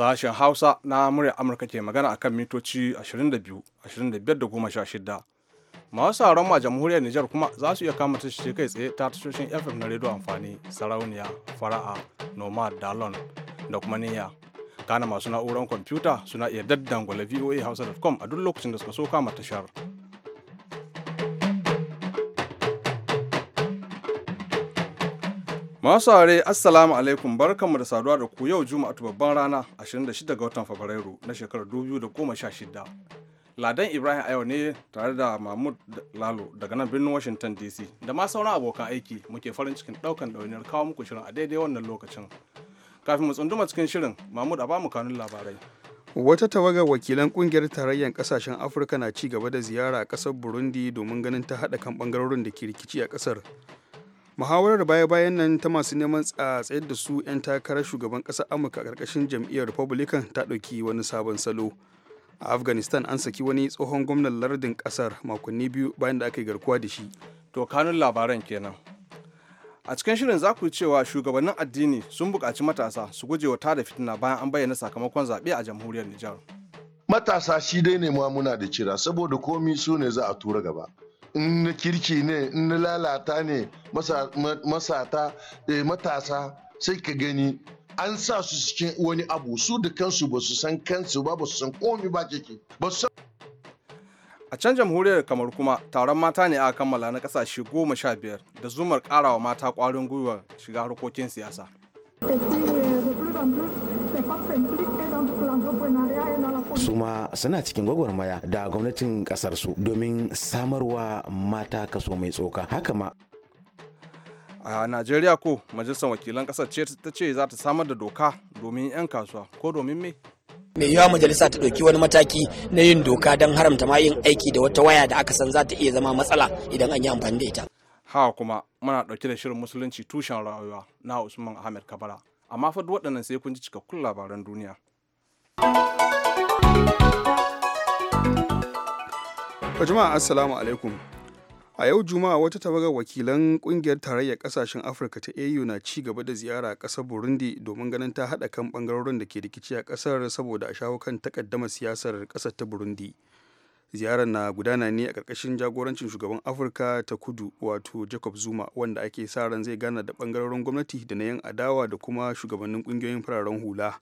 Sashen Hausa na murya Amurka ke magana a kan mitoci 22, 25 da 16. Masu sauran ma jamhuriyar Nijar kuma za su iya kama tashi kai tsaye ta tashoshin FM na rediyo amfani, sarauniya, fara'a, nomad, dalon da kuma niyya. Kana masu na'urar kwamfuta suna iya voa hausa.com a duk lokacin da suka so kama tashar. Masu are Assalamu alaikum barkanmu da saduwa da ku yau Juma'a babban rana 26 ga watan Fabrairu na shekarar 2016. Ladan Ibrahim Ayo ne tare da Mahmud Lalo daga nan birnin Washington DC da ma sauran abokan aiki muke farin cikin daukan dauniyar kawo muku shirin a daidai wannan lokacin. Kafin mu tsunduma cikin shirin, Mahmud a bamu kanun labarai. Wata tawagar wakilan kungiyar tarayyar kasashen Afirka na ci gaba da ziyara a kasar Burundi domin ganin ta haɗa kan bangarorin da ke rikici a kasar. muhawarar baya-bayan nan ta masu neman tsayar da su 'yan takarar shugaban ƙasar amurka a ƙarƙashin jam'iyyar republican ta ɗauki wani sabon salo a afghanistan an saki wani tsohon gwamnan lardin ƙasar makonni biyu bayan da aka yi garkuwa da shi to kanun labaran kenan a cikin shirin za ku cewa shugabannin addini sun buƙaci matasa su guje wa tada fitina bayan an bayyana sakamakon zaɓe a jamhuriyar nijar matasa shi dai ne ma muna da cira saboda komi su ne za a tura gaba in na kirki ne in na lalata ne masata eh, matasa sai ka gani an sa su cikin wani abu su da kansu ba su san kansu ba ba su san komi ba keke ba su san a can jamhuriyar kamar kuma taron mata ne aka kammala na kasashe goma sha biyar da zumar karawa mata kwarin gwiwa shiga harkokin siyasa su ma suna cikin gwagwarmaya da gwamnatin kasar su domin samarwa mata kaso mai tsoka haka ma a najeriya ko majalisar wakilan kasar ce ta ce za ta samar da doka domin 'yan kasuwa ko domin me mai yiwuwa majalisa ta ɗauki wani mataki na yin doka don haramta ma yin aiki da wata waya da aka san za ta iya zama matsala idan an yi amfani da ita haka kuma muna ɗauke da shirin musulunci tushen rayuwa na usman ahmed kabara amma fa waɗannan sai kun ji cikakkun labaran duniya jama'a assalamu alaikum a yau juma'a wata tawagar wakilan kungiyar tarayyar kasashen afirka ta au na ci gaba da ziyara a kasar burundi domin ganin ta hada kan bangarorin da ke rikici a kasar saboda a shawo kan takaddama siyasar kasar ta burundi ziyarar na gudana ne a karkashin jagorancin shugaban afirka ta kudu wato jacob zuma wanda ake sa ran zai gana da bangarorin gwamnati da na yan adawa da kuma shugabannin kungiyoyin fararen hula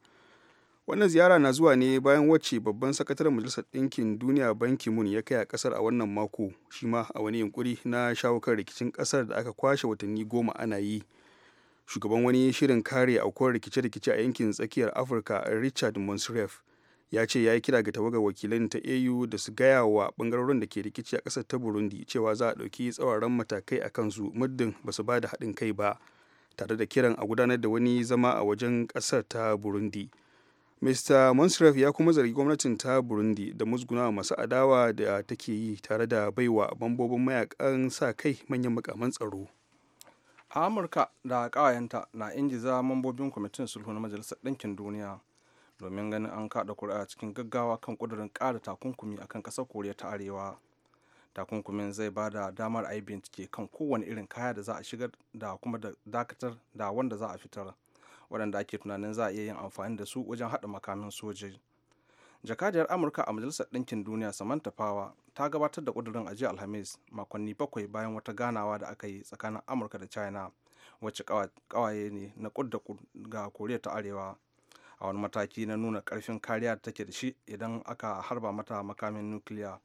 wannan ziyara na zuwa ne bayan wacce babban sakataren majalisar ɗinkin duniya banki mun ya kai a ƙasar a wannan mako shi ma a wani yunkuri na shawo kan rikicin ƙasar da aka kwashe watanni goma ana yi shugaban wani shirin kare aukuwar rikice-rikice a yankin tsakiyar afirka richard monsref ya ce ya yi kira ga tawagar wakilan ta au da su gaya wa bangarorin da ke rikici a ƙasar ta burundi cewa za a ɗauki tsawaran matakai a kansu muddin ba su ba da haɗin kai ba tare da kiran a gudanar da wani zama a wajen ƙasar ta burundi mr monsref ya kuma zargi gwamnatin ta burundi da musguna masu adawa da take yi tare da baiwa bambobin mayakan sa kai manyan makaman tsaro a amurka da kawayenta na za mambobin kwamitin sulhu na majalisar ɗinkin duniya domin ganin an kaɗa kuri'a cikin gaggawa kan ƙudurin ƙara takunkumi akan ƙasar koriya ta arewa takunkumin zai ba da damar a yi bincike kan kowane irin kaya da za a shigar da kuma dakatar da wanda za a fitar waɗanda ake tunanin za a iya yin amfani da su wajen haɗa makamin soji jakadiyar amurka a majalisar ɗinkin duniya samantha power ta gabatar da ƙudurin a jiya alhamis makonni bakwai bayan wata ganawa da aka yi tsakanin amurka da china wacce ƙawaye ne na ƙud da ga koriya ta arewa a wani mataki na nuna ƙarfin kariya da take da shi idan aka harba mata makamin nukiliya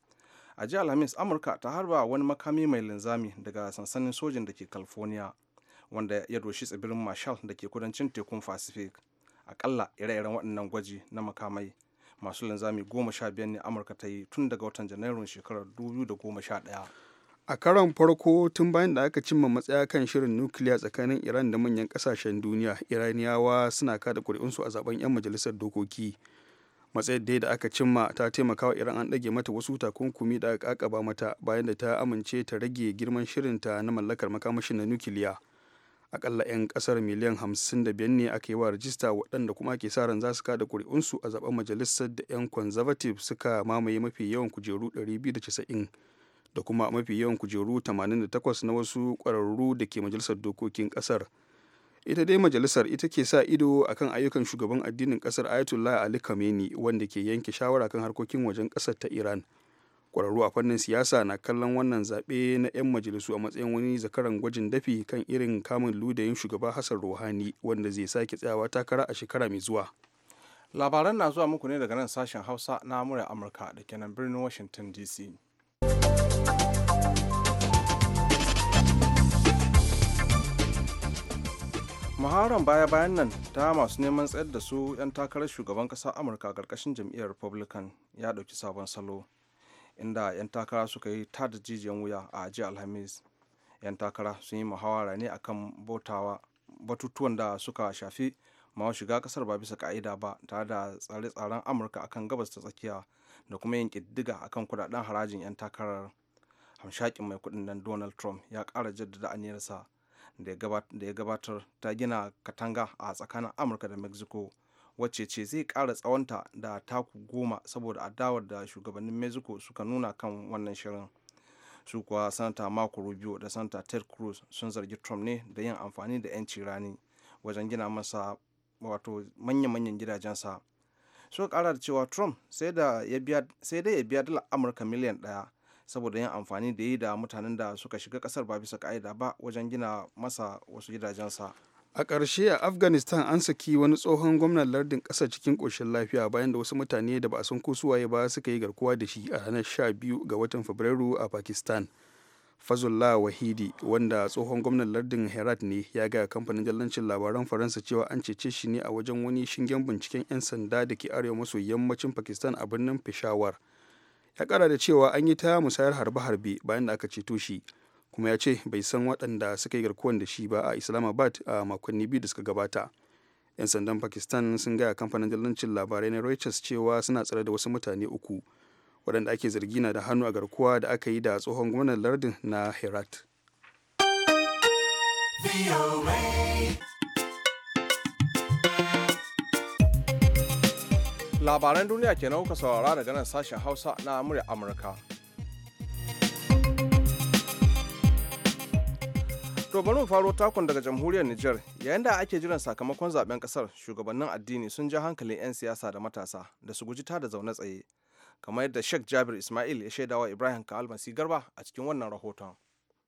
a jiya alhamis amurka ta harba wani makami mai linzami daga sansanin sojin da ke california wanda ya doshi tsibirin marshall da ke kudancin tekun pacific akalla ire-iren waɗannan gwaji na makamai masu linzami goma sha biyar ne amurka ta yi tun daga watan janairun shekarar 2011 a karon farko tun bayan da aka cimma matsaya kan shirin nukiliya tsakanin iran da manyan kasashen duniya iraniyawa suna kada kuri'unsu a zaben 'yan majalisar dokoki matsayar dai da aka cimma ta taimaka wa iran an ɗage mata wasu takunkumi da aka ba mata bayan da ta amince ta rage girman shirinta na mallakar makamashin na nukiliya akalla 'yan kasar miliyan 55 ne aka yi wa rajista waɗanda kuma ake sa ran za su kada ƙuri'unsu a zaben majalisar da 'yan conservative suka mamaye mafi yawan kujeru 290 da kuma mafi yawan kujeru 88 na wasu ƙwararru da ke majalisar dokokin ƙasar ita dai majalisar ita ke sa ido akan ayyukan shugaban addinin ƙasar ayatollah ali khamenei wanda ke yanke shawara kan harkokin wajen ƙasar ta iran kwararru a fannin siyasa na kallon wannan zaɓe na 'yan majalisu a matsayin wani zakaran gwajin dafi kan irin kamun ludayin shugaba hassan ruhani wanda zai sake tsayawa takara a shekara mai zuwa labaran na zuwa muku ne daga nan sashen hausa na murya amurka da kenan birnin washington dc muhawarar baya-bayan nan ta masu neman tsayar da su 'yan takarar shugaban ƙasar amurka a ƙarƙashin jam'iyyar republican ya ɗauki sabon salo inda 'yan takara suka yi ta da jijiyan wuya a jiya alhamis 'yan takara sun yi muhawara ne akan bautawa batutuwan da suka shafi ma shiga kasar ba bisa ka'ida ba tare da tsare-tsaren amurka akan gabas ta tsakiya da kuma yin ƙiddiga akan kudaden harajin 'yan takarar hamshakin mai kudin nan donald trump ya ƙara jaddada aniyarsa da ya gabatar ta gina katanga a tsakanin amurka da mexico wacce ce zai ƙara tsawonta da taku goma saboda adawar da shugabannin mexico suka nuna kan wannan shirin su kuwa sanata marco rubio da sanata ted cruz sun zargi trump ne da yin amfani da 'yanci rani wajen gina masa wato manya-manyan gidajensa suka kara da cewa trump sai dai ya biya dala amurka miliyan daya saboda yin amfani da yi da mutanen da suka shiga kasar ba bisa ka'ida ba wajen gina masa wasu gidajensa a ƙarshe a afghanistan an saki wani tsohon gwamnan lardin ƙasa cikin ƙoshin lafiya bayan da wasu mutane da ba a san ko ba suka yi garkuwa da shi a ranar 12 ga watan fabrairu a pakistan fazullah wahidi wanda tsohon gwamnan lardin herat ne ya gaya kamfanin jallancin labaran faransa cewa an cece shi ne a wajen wani shingen binciken 'yan sanda da ke arewa maso yammacin pakistan a birnin peshawar ya kara da cewa an yi ta musayar harbe-harbe bayan da aka ceto shi kuma ya ce bai san waɗanda suka yi garkuwan da shi ba a islamabad a makonni biyu da suka gabata 'yan sandan pakistan sun gaya kamfanin dalilancin labarai na reuters cewa suna tsare da wasu mutane uku waɗanda ake zargi na da hannu a garkuwa da aka yi da tsohon gwamnan lardin na herat labaran duniya kenan kuka saurara daga nan sashen hausa na amurka To bari mu faro takon daga jamhuriyar Nijar yayin da ake jiran sakamakon zaben kasar shugabannin addini sun ja hankalin 'yan siyasa da matasa da su guji tada zaune tsaye kamar yadda Sheikh Jabir Ismail ya shaida wa Ibrahim Ka'al Masi Garba a cikin wannan rahoton.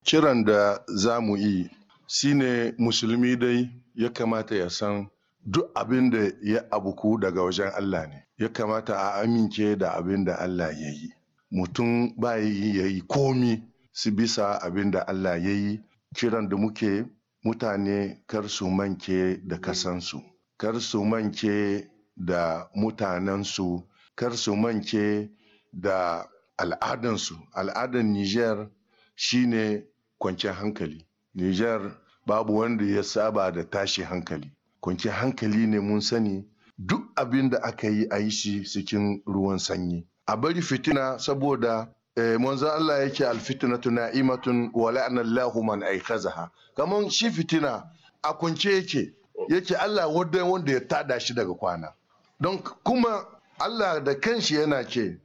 Kiran da za mu yi shine musulmi dai ya kamata ya san duk abin da ya abuku daga wajen Allah ne ya kamata a amince da abin da Allah ya yi mutum ba ya yi komi su bisa abin da Allah ya yi kiran da muke mutane kar su manke da kasansu kar su manke da mutanensu kar su manke da al'adansu al'adan niger shine kwanciyar hankali niger babu wanda ya saba da tashi hankali kwanciyar hankali ne mun sani duk abin da aka yi a yi shi cikin ruwan sanyi a bari fitina saboda Eh, manzo Allah yake alfitnatu na'imatun wa la'ana Allahu man aikazaha kaman shi fitina a kunce yake yake Allah wanda wanda ya tada shi daga kwana don kuma Allah da kanshi yana ce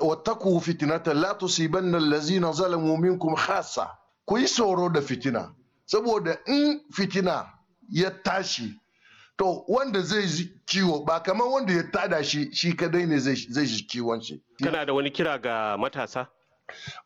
wattaku fitnatan la tusibanna allazina zalamu minkum khassa ku yi tsoro da fitina saboda in fitina ya tashi to wanda zai ji ciwo ba kamar wanda ya tada shi shi kadai ne zai ji ciwon shi kana da wani kira ga matasa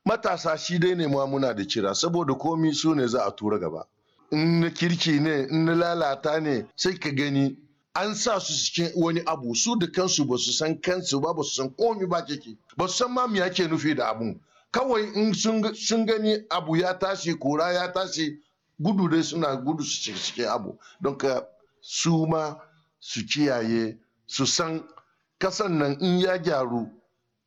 matasa shi dai ne ma muna da kira saboda komi su ne za a tura gaba in na kirki ne in na lalata ne sai ka gani an sa su cikin wani abu su da kansu ba su san kansu ba ba su san komi ba keke ba su san ma me yake nufi da abun kawai in sun gani abu ya tashi kura ya tashi gudu dai suna gudu su cikin abu don ka su ma su kiyaye su san kasan nan in ya gyaru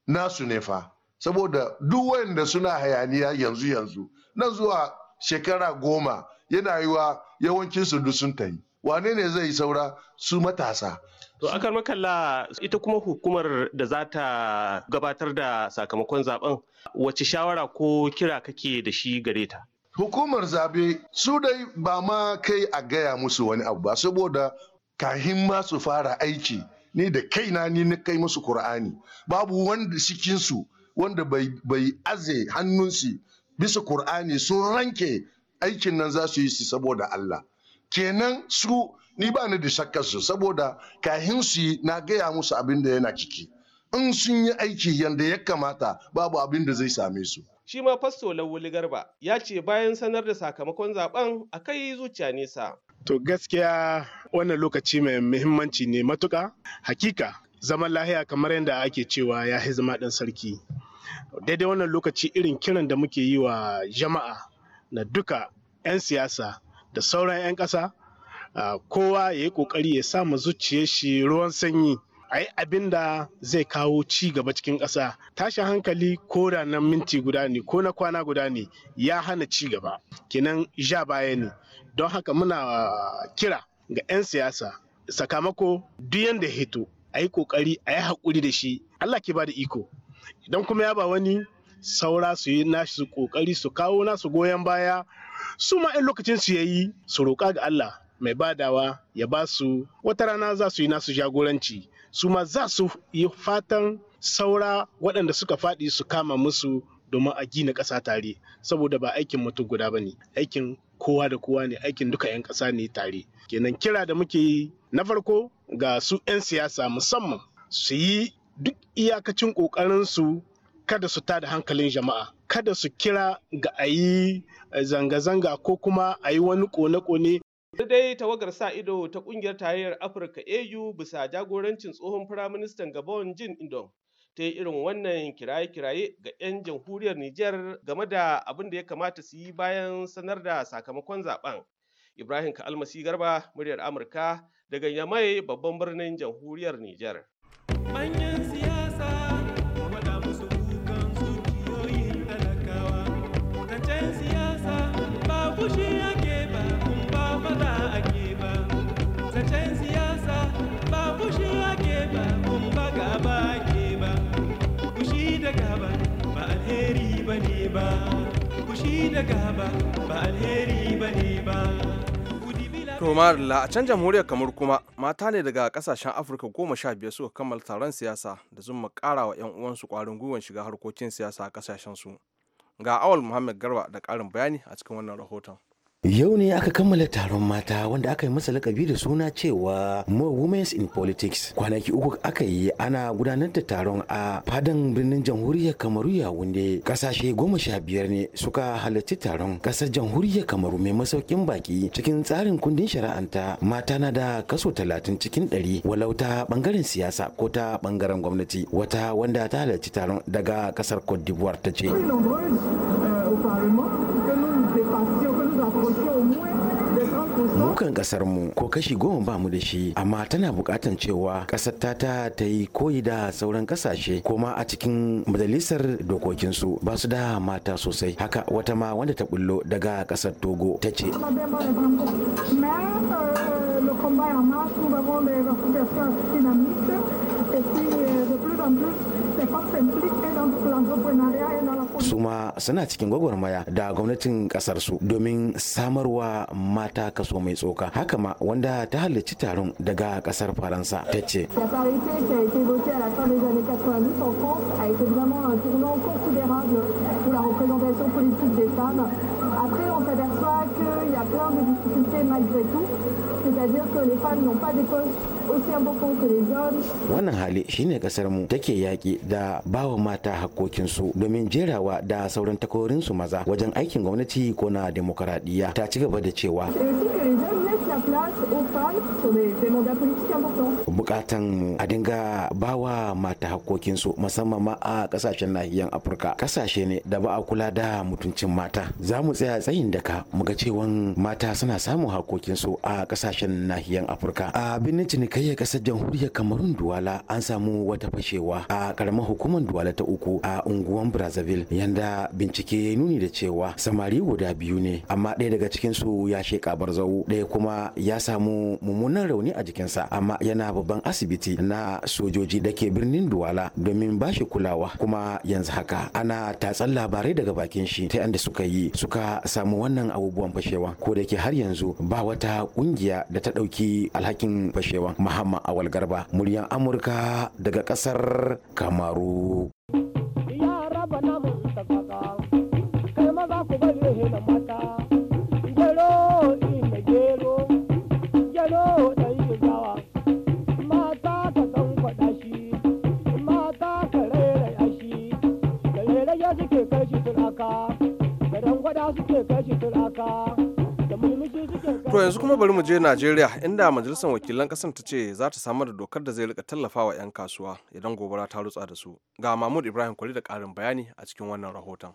nasu ne fa saboda duk wanda suna hayaniya yanzu yanzu nan zuwa shekara goma yana yiwa yawancin su duk sun tayi wane ne zai saura su matasa to akan makalla ita kuma hukumar da za ta gabatar da sakamakon zaben wace shawara ko kira kake da shi gare ta hukumar zabe su dai ba ma kai a gaya musu wani abu ba saboda kahin ma su fara aiki ni da kaina ni na kai musu Kur'ani babu wanda cikinsu wanda bai aze hannunsu bisa Kur'ani sun ranke aikin nan za su yi su saboda Allah kenan su ni ba ni da shakkar su saboda kahin su na gaya musu abin da yana ciki in sun yi aiki yadda ya kamata babu abin da zai same su Shi ma fasto Lawuli Garba ya ce bayan sanar da sakamakon zaben a kai zuciya nesa. To gaskiya wannan lokaci mai muhimmanci ne matuka hakika zaman lahiya kamar yadda ake cewa ya hi zama ɗan sarki. Daidai wannan lokaci irin kiran da muke yi wa jama'a na duka 'yan siyasa da sauran 'yan ƙasa kowa ya yi ƙoƙari ya samu zuciyar shi ruwan sanyi. a yi abin da zai kawo ci gaba cikin ƙasa tashin hankali ko da nan minti guda ne ko na kwana guda ne ya hana ci gaba kenan ja baya ne don haka muna kira ga 'yan siyasa sakamako duk yanda hito a yi kokari a yi haƙuri da shi allah ke ba da iko idan kuma ya ba wani saura su yi nashi su kokari su kawo nasu goyon baya su ma in lokacin su yayi su roƙa ga Allah mai badawa ya ba su wata rana za su yi nasu jagoranci su ma za su yi fatan saura waɗanda suka faɗi su kama musu domin a gina ƙasa tare saboda ba aikin mutum guda ba ne aikin kowa da kowa ne aikin duka 'yan ƙasa ne tare kenan kira da muke yi na farko ga su 'yan siyasa musamman su yi duk iyakacin ƙoƙarinsu kada su tada hankalin jama'a kada su kira ga a yi zanga-zanga ko kuma a yi wani kone-kone Yanzu dai tawagar sa ido ta kungiyar tarayyar Afirka AU bisa jagorancin tsohon firaministan Gabon Jean Indom ta yi irin wannan kiraye-kiraye ga 'yan jamhuriyar Nijar game da abin da ya kamata su yi bayan sanar da sakamakon zaben. Ibrahim Ka'almasi Garba, muryar Amurka daga Yamai babban birnin jamhuriyar Nijar. ne ba da gaba ba alheri ba a can jamhuriyar kamar kuma mata ne daga kasashen Afirka goma sha biyar suka kammala taron siyasa da zuma kara wa 'yan uwansu kwarin gwiwan shiga harkokin siyasa a kasashen su. Ga Awal Muhammad Garba da karin bayani a cikin wannan rahoton. Yau ne aka kammala taron mata wanda aka yi masa lakabi da suna cewa More Women's in Politics. Kwanaki uku aka yi ana gudanar da taron a fadan birnin jamhuriyar Kamaru ya wunde kasashe goma sha biyar ne suka halarci taron kasar jamhuriyar Kamaru mai masaukin baki cikin tsarin kundin shari'anta mata na da kaso talatin cikin ɗari walau ta bangaren siyasa ko ta bangaren gwamnati wata wanda ta halarci taron daga kasar Cote d'Ivoire ta ce. dukan kasar mu ko kashi goma ba mu da shi amma tana bukatan cewa kasar ta ta ta yi koyi da sauran kasashe ko ma a cikin majalisar dokokinsu ba su da mata sosai haka wata ma wanda ta bullo daga kasar togo ta ce Se en plus, La parité qui a été votée à la fin des années 90 en France a été vraiment un tournant considérable pour la représentation politique des femmes. Après, on s'aperçoit qu'il y a plein de difficultés malgré tout, c'est-à-dire que les femmes n'ont pas d'école. wannan hali shine kasar mu take yaki da bawa mata su domin jerawa da sauran takorinsu maza wajen aikin gwamnati ko na demokaradiyya ta ci gaba da cewa bukatan a dinga bawa mata su musamman ma a kasashen nahiyar afirka kasashe ne da ba a kula da mutuncin mata za mu tsaya tsayin daka muga cewan mata suna samun su a kasashen nahiyar afirka a birnin cinikai Tsakayyar kasar jamhuriyar Kamarun Duwala an samu wata fashewa a karamar hukumar Duwala ta uku a unguwan Brazzaville yanda bincike ya nuni da cewa samari guda biyu ne amma ɗaya daga cikin su ya sheƙa barzawo ɗaya kuma ya samu mummunan rauni a jikinsa amma yana babban asibiti na sojoji da ke birnin Duwala domin ba shi kulawa kuma yanzu haka ana tatsan labarai daga bakin shi ta yanda suka yi suka samu wannan abubuwan fashewa ko da ke har yanzu ba wata ƙungiya da ta ɗauki alhakin fashewa Muhammad Awal Garba, muryan Amurka daga ƙasar Kamaru. yanzu kuma bari mu je Najeriya inda majalisar wakilan kasar ta ce za ta samar da dokar da zai rika tallafawa 'yan kasuwa idan gobara ta rutsa da su. Ga Mahmud Ibrahim Kwari da ƙarin bayani a cikin wannan rahoton.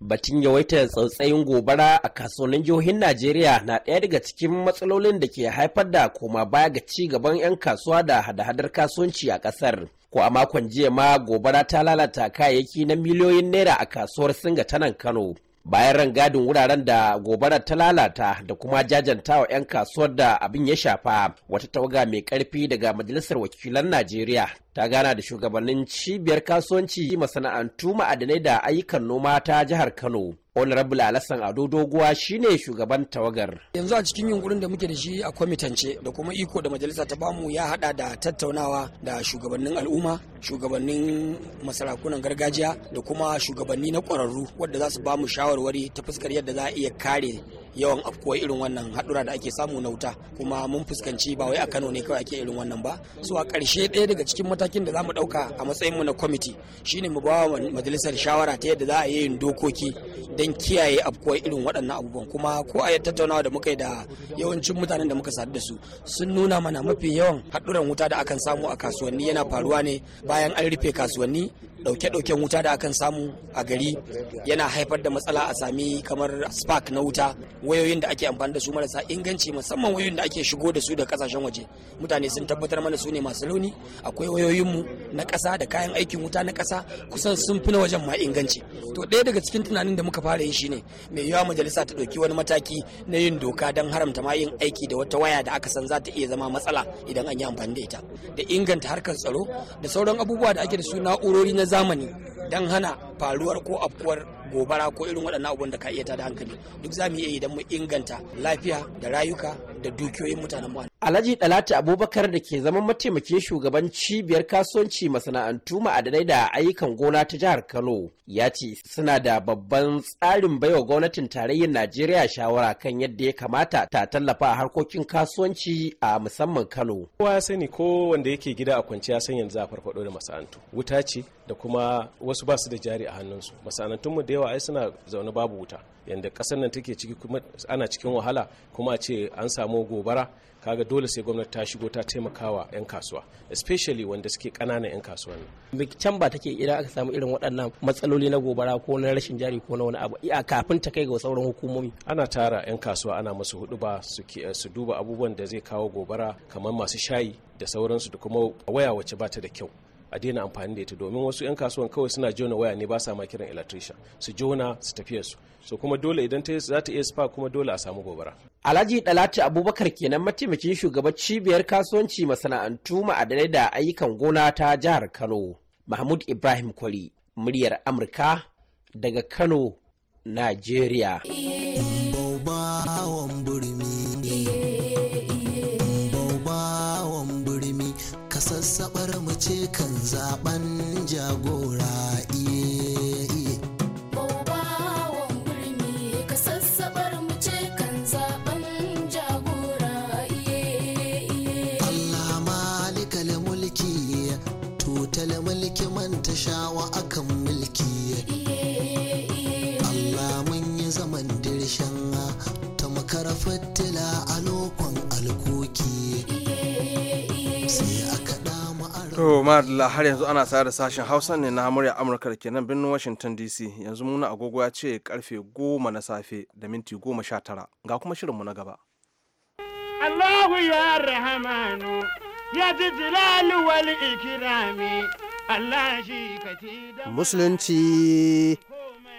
Batun yawaitar tsautsayin gobara a kasuwannin jihohin Najeriya na ɗaya daga cikin matsalolin da ke haifar da koma baya ga ci gaban 'yan kasuwa da hada-hadar kasuwanci a ƙasar. Ko a makon jiya ma gobara ta lalata kayayyaki na miliyoyin naira a kasuwar Singa ta nan Kano. bayan rangadin wuraren da gobarar ta lalata da kuma jajantawa 'yan kasuwar da abin ya shafa wata tawaga mai karfi daga majalisar wakilan najeriya ta gana da shugabannin cibiyar kasuwanci masana'antu ma'adinai da ayyukan noma ta jihar kano honorable alassan ado doguwa shine shugaban tawagar yanzu a cikin yunkurin da muke da shi a kwamitance da kuma iko da majalisa ta bamu ya hada da tattaunawa da shugabannin al'umma shugabannin masarakunan gargajiya da kuma shugabanni na kwararru wadda za su bamu shawarwari ta fuskar yadda za a iya kare yawan afkuwar irin wannan haɗura da ake samu na wuta kuma mun fuskanci ba wai a Kano ne kawai ake irin wannan ba so a ƙarshe ɗaya daga cikin matakin da za mu ɗauka a matsayin mu na kwamiti shine mu ba wa majalisar shawara ta yadda za a yin dokoki don kiyaye afkuwar irin waɗannan abubuwan kuma ko a tattaunawa da muka yi da yawancin mutanen da muka sadu da su sun nuna mana mafi yawan haɗuran wuta da akan samu a kasuwanni yana faruwa ne bayan an rufe kasuwanni ɗauke-ɗauken wuta da akan samu a gari yana haifar da matsala a sami kamar spark na wuta wayoyin da ake amfani da su marasa inganci musamman wayoyin da ake shigo da su da kasashen waje mutane sun tabbatar mana su ne masu launi akwai wayoyinmu na ƙasa da kayan aikin wuta na ƙasa kusan sun fi na wajen ma inganci to ɗaya daga cikin tunanin da muka fara yi shine mai yawa majalisa ta ɗauki wani mataki na yin doka don haramta ma yin aiki da wata waya da aka san za ta iya zama matsala idan an yi amfani da ita da inganta harkar tsaro da sauran abubuwa da ake da su na'urori na zamani don hana faruwar ko afkuwar gobara ko irin waɗannan abubuwan da ka iya tada hankali duk za mu iya idan mu inganta lafiya da rayuka da dukiyoyin mutanen mu. Alhaji Dalatu Abubakar da ke zaman mataimakin shugaban cibiyar kasuwanci masana'antu ma'adanai da ayyukan gona ta jihar Kano ya ce suna da babban tsarin baiwa gwamnatin tarayyar Najeriya shawara kan yadda ya kamata ta tallafa harkokin kasuwanci a musamman Kano. Kowa ya sani ko wanda yake gida a kwanciya san yanzu a farfado da masana'antu. Wuta ce, da kuma wasu ba su da jari a hannunsu masana'antunmu da yawa ai suna zaune babu wuta yadda ƙasar nan take ciki kuma ana cikin wahala kuma a ce an samu gobara kaga dole sai gwamnati ta shigo ta taimakawa 'yan kasuwa especially wanda suke ƙananan 'yan kasuwa ne. can ba take idan aka samu irin waɗannan matsaloli na gobara ko na rashin jari ko na wani abu a kafin ta kai ga sauran hukumomi ana tara 'yan kasuwa ana musu hudu ba su duba abubuwan da zai kawo gobara kamar masu shayi da sauransu da kuma waya wacce bata da kyau a daina amfani da ita domin wasu 'yan kasuwan kawai suna jona waya ne ba sa ma kiran electrician su jona su tafiya su so kuma dole idan ta za ta iya spark kuma dole a samu gobara Alhaji Dalatu Abubakar kenan mataimakin shugaban cibiyar kasuwanci masana'antu ma'adanai da ayyukan gona ta jihar Kano Mahmud Ibrahim Kwari muryar Amurka daga Kano Najeriya. To da har yanzu ana sayar da sashen Hausa ne na murya Amurka da kenan birnin Washington DC yanzu muna agogo ya ce karfe goma na safe da minti goma sha tara ga kuma shirinmu na gaba. Allahu ya rahamanu ya ji jilalu wal ikirami Allah shi ka Musulunci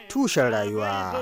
tushen rayuwa.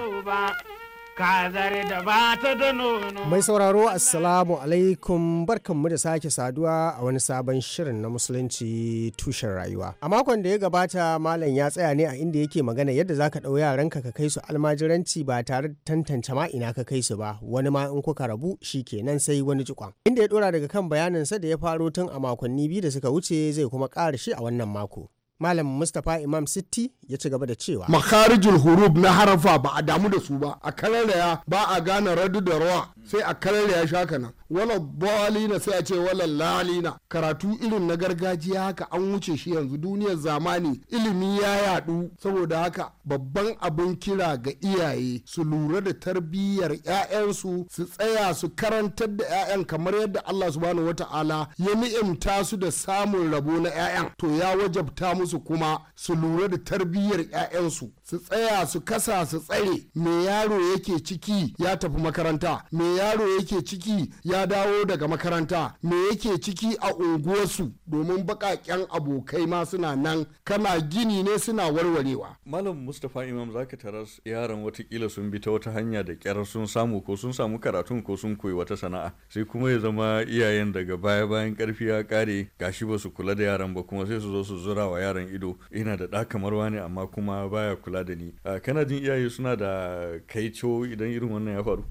Mai sauraro Assalamu alaikum barkanmu da sake saduwa a wani sabon shirin na musulunci tushen rayuwa. A makon da ya gabata malam ya tsaya ne a inda yake magana yadda zaka ɗau yaranka ka kai su almajiranci ba tare da tantance ma ina ka kai su ba wani ma in kuka rabu shi kenan sai wani jikon. Inda ya ɗora daga kan bayaninsa da ya faro tun a makonni biyu da suka wuce zai kuma ƙara shi a wannan mako. Malam Mustapha Imam Sitti ya ci gaba da cewa. Makarijul hurub na harafa ba a damu da su ba, a kararraya ba a gane radu da rawa sai a kararraya shaka nan. Wala bolina sai a ce wala lalina. Karatu irin na gargajiya haka an wuce shi yanzu duniyar zamani ilimi ya yadu saboda haka babban abin kira ga iyaye su lura da tarbiyyar 'ya'yansu su tsaya su karantar da 'ya'yan kamar yadda Allah subhanahu wata'ala ya ni'imta su da samun rabo na 'ya'yan to ya wajabta musu su kuma su lura da tarbiyyar 'ya'yansu su tsaya su kasa su tsare me yaro yake ciki ya tafi makaranta me yaro yake ciki ya dawo daga makaranta me yake ciki a unguwarsu domin baƙaƙen abokai ma suna nan kana gini ne suna warwarewa malam mustapha imam zaka taras yaran watakila sun bi ta wata hanya da kyar sun samu ko sun samu karatun ko sun koyi wata sana'a sai kuma ya zama iyayen daga baya bayan karfi ya kare gashi ba su kula da yaran ba kuma sai su zo su zura wa yaran yaran ido ina da ɗa kamar wani amma kuma baya kula da ni kana jin iyaye suna da kaico idan irin wannan ya faru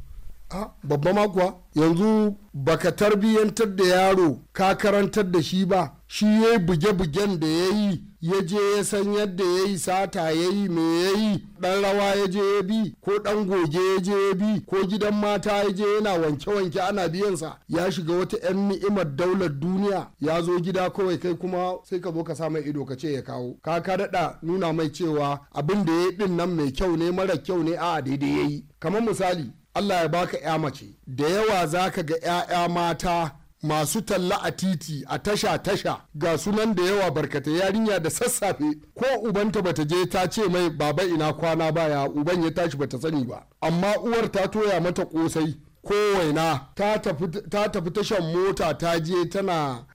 babba makuwa yanzu baka tarbiyyantar da yaro ka karantar da shi ba shi ya yi buge-bugen da ya yi ya je ya san yadda ya yi sata ya yi me ya yi dan rawa ya je ya bi ko ɗan goge ya je ya bi ko gidan mata ya je yana wanke-wanke ana biyansa ya shiga wata 'yan ni'imar daular duniya ya zo gida kawai kai kuma sai ka zo ka sa mai ido ka ce ya kawo ka ka daɗa nuna mai cewa abin da ya yi ɗin nan mai kyau ne mara kyau ne a daidai ya yi kamar misali Allah ya baka ya mace da yawa za ka ga 'ya'ya mata masu talla a titi a tasha-tasha ga sunan da yawa barkata yarinya da sassafe ko ubanta bata je ta ce mai baba ina kwana baya uban ya tashi bata sani ba amma uwar ta toya mata kosai ko waina ta tafi tashan mota ta je tana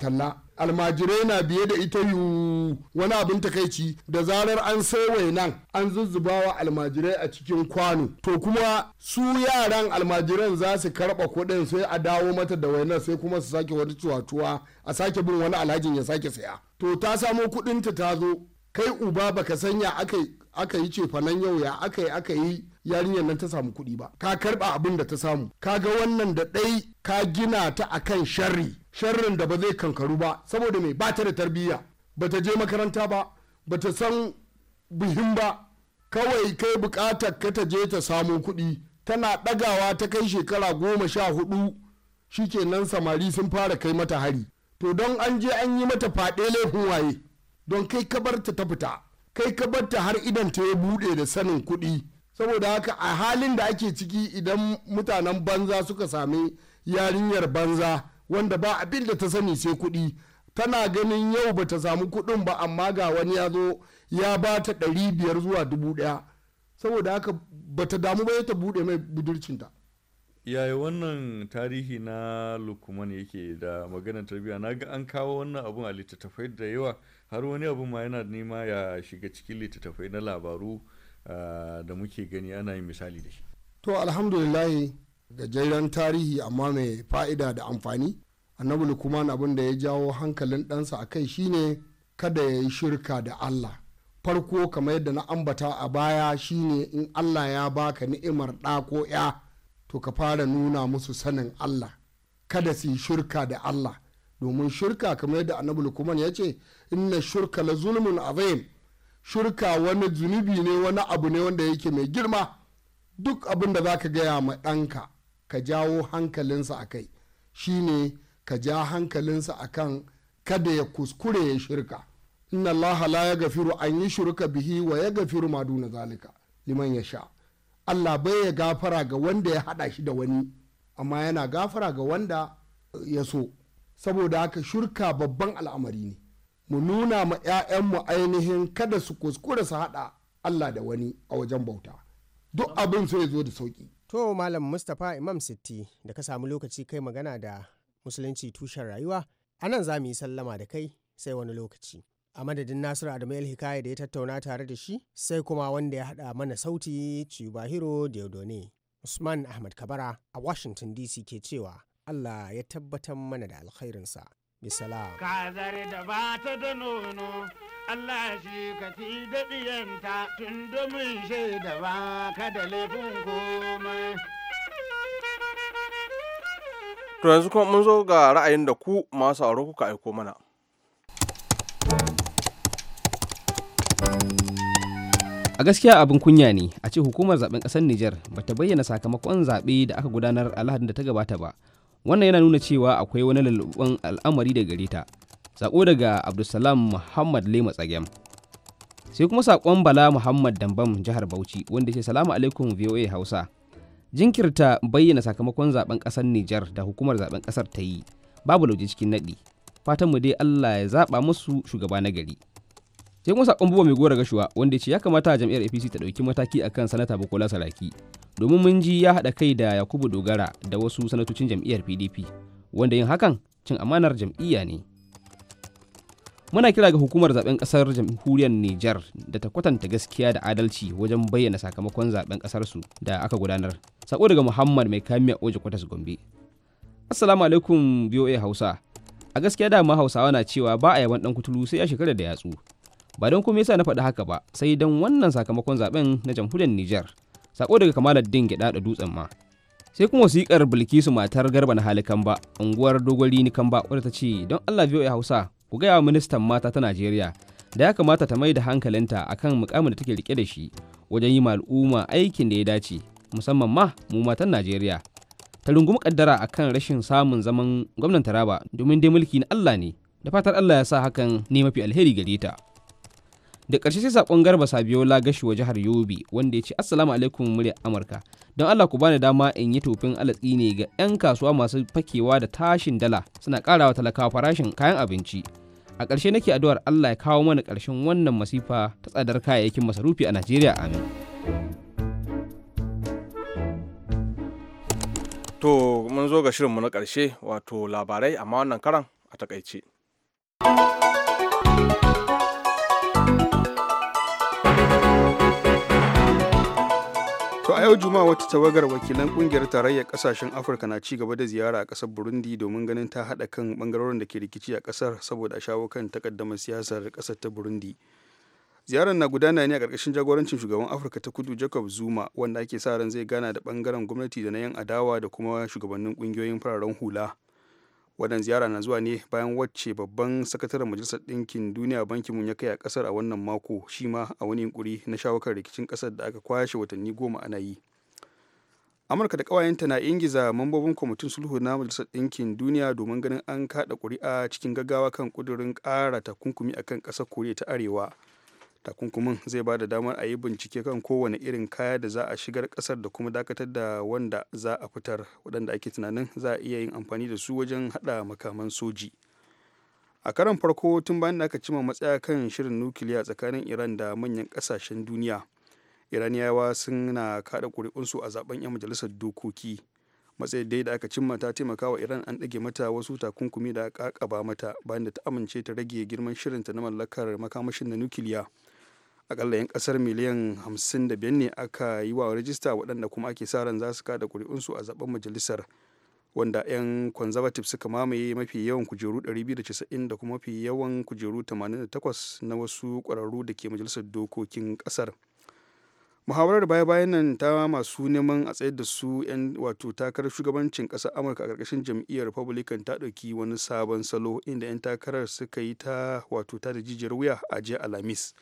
talla almajirai na biye da ita yu wani abin takaici da zarar an sai wainan an zuzzubawa almajirai a cikin kwano to kuma su yaran almajiran za su karɓa kuɗin sai a dawo mata da wainar sai kuma su sake wani cuwatuwa a sake bin wani alhajin ya sake saya to ta samo kuɗinta ta zo kai uba baka sanya aka yi ce fanan yau ya aka yi aka yi yarinyar nan ta samu kuɗi ba ka karɓa abin da ta samu ka ga wannan da ɗai ka gina ta akan sharri sharrin da ba zai kankaru ba saboda mai bata da tarbiyya bata je makaranta ba bata san buhin ba kawai kai bukatar ka ta je ta samu kuɗi tana ɗagawa ta kai shekara goma sha hudu shikenan samari sun fara kai mata hari to don an je an yi mata faɗe laifin waye don kai ka ta ta fita kai ka ta har idan ta ya buɗe da sanin kuɗi saboda haka a halin da ake ciki idan mutanen banza suka sami yarinyar banza wanda ba abin da ta sani sai kuɗi tana ganin yau ba ta samu kuɗin ba amma ga wani ya zo ya ba ta ɗari biyar zuwa dubu ɗaya saboda haka ba ta damu ba ta buɗe mai budurcinta yaya wannan tarihi na lukman yake da maganar tarbiyya na ga an kawo wannan abun a littattafai da yawa har wani abun ma yana nema ya shiga cikin littattafai na labaru ah, da muke gani ana yin misali da shi to alhamdulillahi gajeren tarihi amma mai fa'ida da amfani annabi lukman abin da ya jawo hankalin ɗansa a kai shine kada ya yi shirka da allah farko kamar yadda na ambata a baya shine in allah ya baka ni'imar ɗa ko ya to ka fara nuna musu sanin allah kada su yi shirka da allah domin shirka kamar yadda annabi lukman ya ce inna shirka la zulmun azim shirka wani zunubi ne wani abu ne wanda yake mai girma duk abin da za ka gaya ma ɗanka ka jawo hankalinsa a kai shi ne ka ja hankalinsa a kan kada ya kuskure ya shirka inna allaha la ya gafiru an yi shirka bihi wa ya gafiru ma duna zalika liman ya sha allah bai ya gafara ga wanda ya hada shi da wani amma yana gafara ga wanda ya so saboda haka shirka babban al'amari ne mu nuna ma 'ya'yanmu ainihin kada su kuskure su hada allah da wani a wajen bauta duk abin sai ya zo da sauki To Malam Mustapha Imam Sitti da ka samu lokaci kai magana da Musulunci tushen rayuwa, a nan za mu yi sallama da kai sai wani lokaci. A madadin Nasiru Adamu El Hikaya da ya tattauna tare da shi sai kuma wanda ya haɗa mana sauti Cibahiro Deodone. Usman Ahmad Kabara a Washington DC ke cewa Allah ya tabbatar mana da alkhairinsa. ka kazar da ba ta da nono Allah shi ka fi ɗiyanta tun domin shaida ba ka da laifin komai To yanzu kuma mun zo ga ra'ayin da ku masu auro kuka aiko mana. A gaskiya abin kunya ne a ce hukumar zaben ƙasar Nijar ba ta bayyana sakamakon zaɓe da aka gudanar a Lahadin da ta gabata ba, wannan yana nuna cewa akwai wani lalluban al'amari da gare ta sako daga abdulsalam muhammad lema tsagem sai kuma sakon bala muhammad dambam jihar bauchi wanda ce salamu alaikum voa hausa jinkirta bayyana sakamakon zaben kasar nijar da hukumar zaben kasar ta yi babu lauje cikin naɗi fatan mu dai allah ya zaɓa musu shugaba na gari sai kuma sakon buba mai gora gashuwa wanda ce ya kamata jam'iyyar apc ta ɗauki mataki akan sanata bukola saraki domin mun ji ya haɗa kai da yakubu dogara da wasu sanatocin jam'iyyar pdp wanda yin hakan cin amanar jam'iyya ne muna kira ga hukumar zaben kasar jamhuriyar Nijar da ta kwatanta gaskiya da adalci wajen bayyana sakamakon zaben kasar su da aka gudanar. Sako daga Muhammad mai kamiya Oje Kwatas Gombe. Assalamu alaikum BOA Hausa. A gaskiya dama Hausawa na cewa ba a yaban dan kutulu sai a shekara da yatsu. Ba don kuma yasa na faɗi haka ba, sai don wannan sakamakon zaben na jamhuriyar Nijar sako daga din gyada da dutsen ma sai kuma wasikar bilkisu matar garba na halikan ba unguwar dogwari ni kamba wadda ta ce don allah ya hausa ku gaya wa ministan mata ta najeriya da ya kamata ta mai da hankalinta akan mukamin da take rike da shi wajen yi al'umma aikin da ya dace musamman ma mu matan najeriya ta rungumi kaddara akan rashin samun zaman gwamnan taraba domin dai mulki na allah ne da fatar allah ya sa hakan ne mafi alheri gare ta da ƙarshe sai saƙon garba sabiola gashi wa jihar yobe wanda ya ce assalamu alaikum muryar amurka don allah ku bani dama in yi tofin alatsi ne ga 'yan kasuwa masu fakewa da tashin dala suna ƙarawa talakawa farashin kayan abinci a ƙarshe nake addu'ar allah ya kawo mana ƙarshen wannan masifa ta tsadar kayayyakin masarufi a najeriya amin to mun zo ga shirinmu na ƙarshe wato labarai amma wannan karan a takaice. a yau juma'a wata tawagar wakilan kungiyar tarayyar kasashen afirka na ci gaba da ziyara a kasar burundi domin ganin ta haɗa kan bangarorin da ke rikici a kasar saboda a shawo kan takaddamar siyasar kasar ta burundi ziyarar na gudana ne a ƙarƙashin jagorancin shugaban afirka ta kudu jacob zuma wanda ake sa ran zai gana da bangaren gwamnati da na yan adawa da kuma shugabannin kungiyoyin fararen hula wannan ziyara na zuwa ne bayan wacce babban sakataren majalisar ɗinkin duniya bankin mun ya kai a kasar a wannan mako shi ma a wani yunkuri na shawo rikicin ƙasar da aka kwashe watanni goma ana yi amurka da ƙawayenta na ingiza mambobin kwamitin sulhu na majalisar ɗinkin duniya domin ganin an kaɗa ƙuri'a cikin gaggawa kan ƙudurin ƙara takunkumi akan ƙasar koriya ta arewa takunkumin zai ba da damar a yi bincike kan kowane irin kaya da za a shigar kasar da kuma dakatar da wanda za a fitar waɗanda ake tunanin za a iya yin amfani da su wajen haɗa makaman soji a karan farko tun bayan da aka cima matsaya kan shirin nukiliya tsakanin iran da manyan ƙasashen duniya iraniyawa suna kaɗa ƙuri'unsu a zaben 'yan majalisar dokoki matsayin dai da aka cimma ta taimaka wa iran an ɗage mata wasu takunkumi da aka ƙaba mata bayan da ta amince ta rage girman shirinta na mallakar makamashin na nukiliya akalla 'yan kasar miliyan 55 ne aka yi wa rajista waɗanda kuma ake sa ran za su kada su a zaben majalisar wanda 'yan conservative suka mamaye mafi yawan kujeru 290 da kuma mafi yawan kujeru 88 na wasu ƙwararru da ke majalisar dokokin ƙasar muhawarar baya-bayan nan ta masu neman a tsayar da su 'yan wato takarar shugabancin ƙasar amurka a ƙarƙashin jam'iyyar republican ta ɗauki wani sabon salo inda 'yan takarar suka yi ta wato ta da jijiyar wuya a jiya alhamis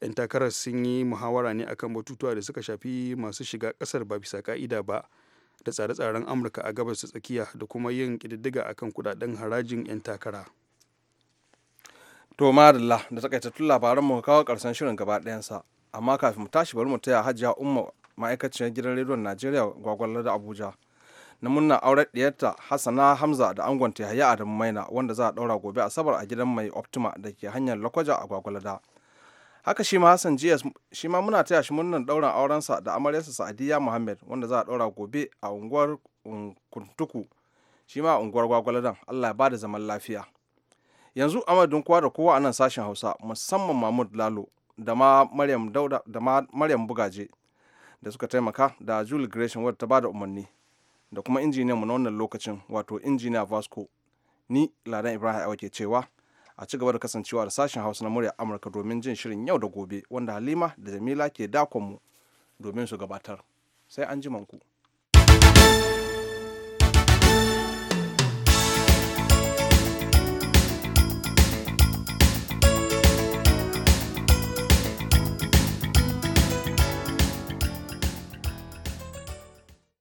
'yan takarar sun yi muhawara ne akan batutuwa da suka shafi masu shiga kasar ba bisa ka'ida ba da tsare-tsaren amurka a gabas ta tsakiya da kuma yin ƙididdiga akan kudaden harajin 'yan takara to madalla da takaitattun labaran mu kawo karshen shirin gaba ɗayansa amma kafin mu tashi bari mu taya hajiya umma ma'aikaciyar gidan rediyon najeriya gwagwallar da abuja na murna auren ɗiyarta hassana hamza da angonta yahaya adamu maina wanda za a ɗaura gobe asabar a gidan mai optima da ke hanyar lokwaja a gwagwalada haka shi ma hassan jiya shi ma muna taya shi murnar dauran aurensa da amaryarsa sa'adiyya muhammad wanda za a ɗaura gobe a unguwar um, kuntuku shi ma a unguwar gwagwaladan allah ya ba da zaman lafiya yanzu amadun kowa da kowa a nan sashen hausa musamman mahmud lalo da ma maryam bugaje da suka taimaka da julie gresham wadda ta ba da umarni da kuma injiniyan mu na wannan lokacin wato injiniya vasco ni ladan ibrahim awa ke cewa a ci gaba da kasancewa da sashen hausa na murya amurka domin jin shirin yau da gobe wanda halima da jamila ke dakon mu domin su gabatar sai an ji manku. ku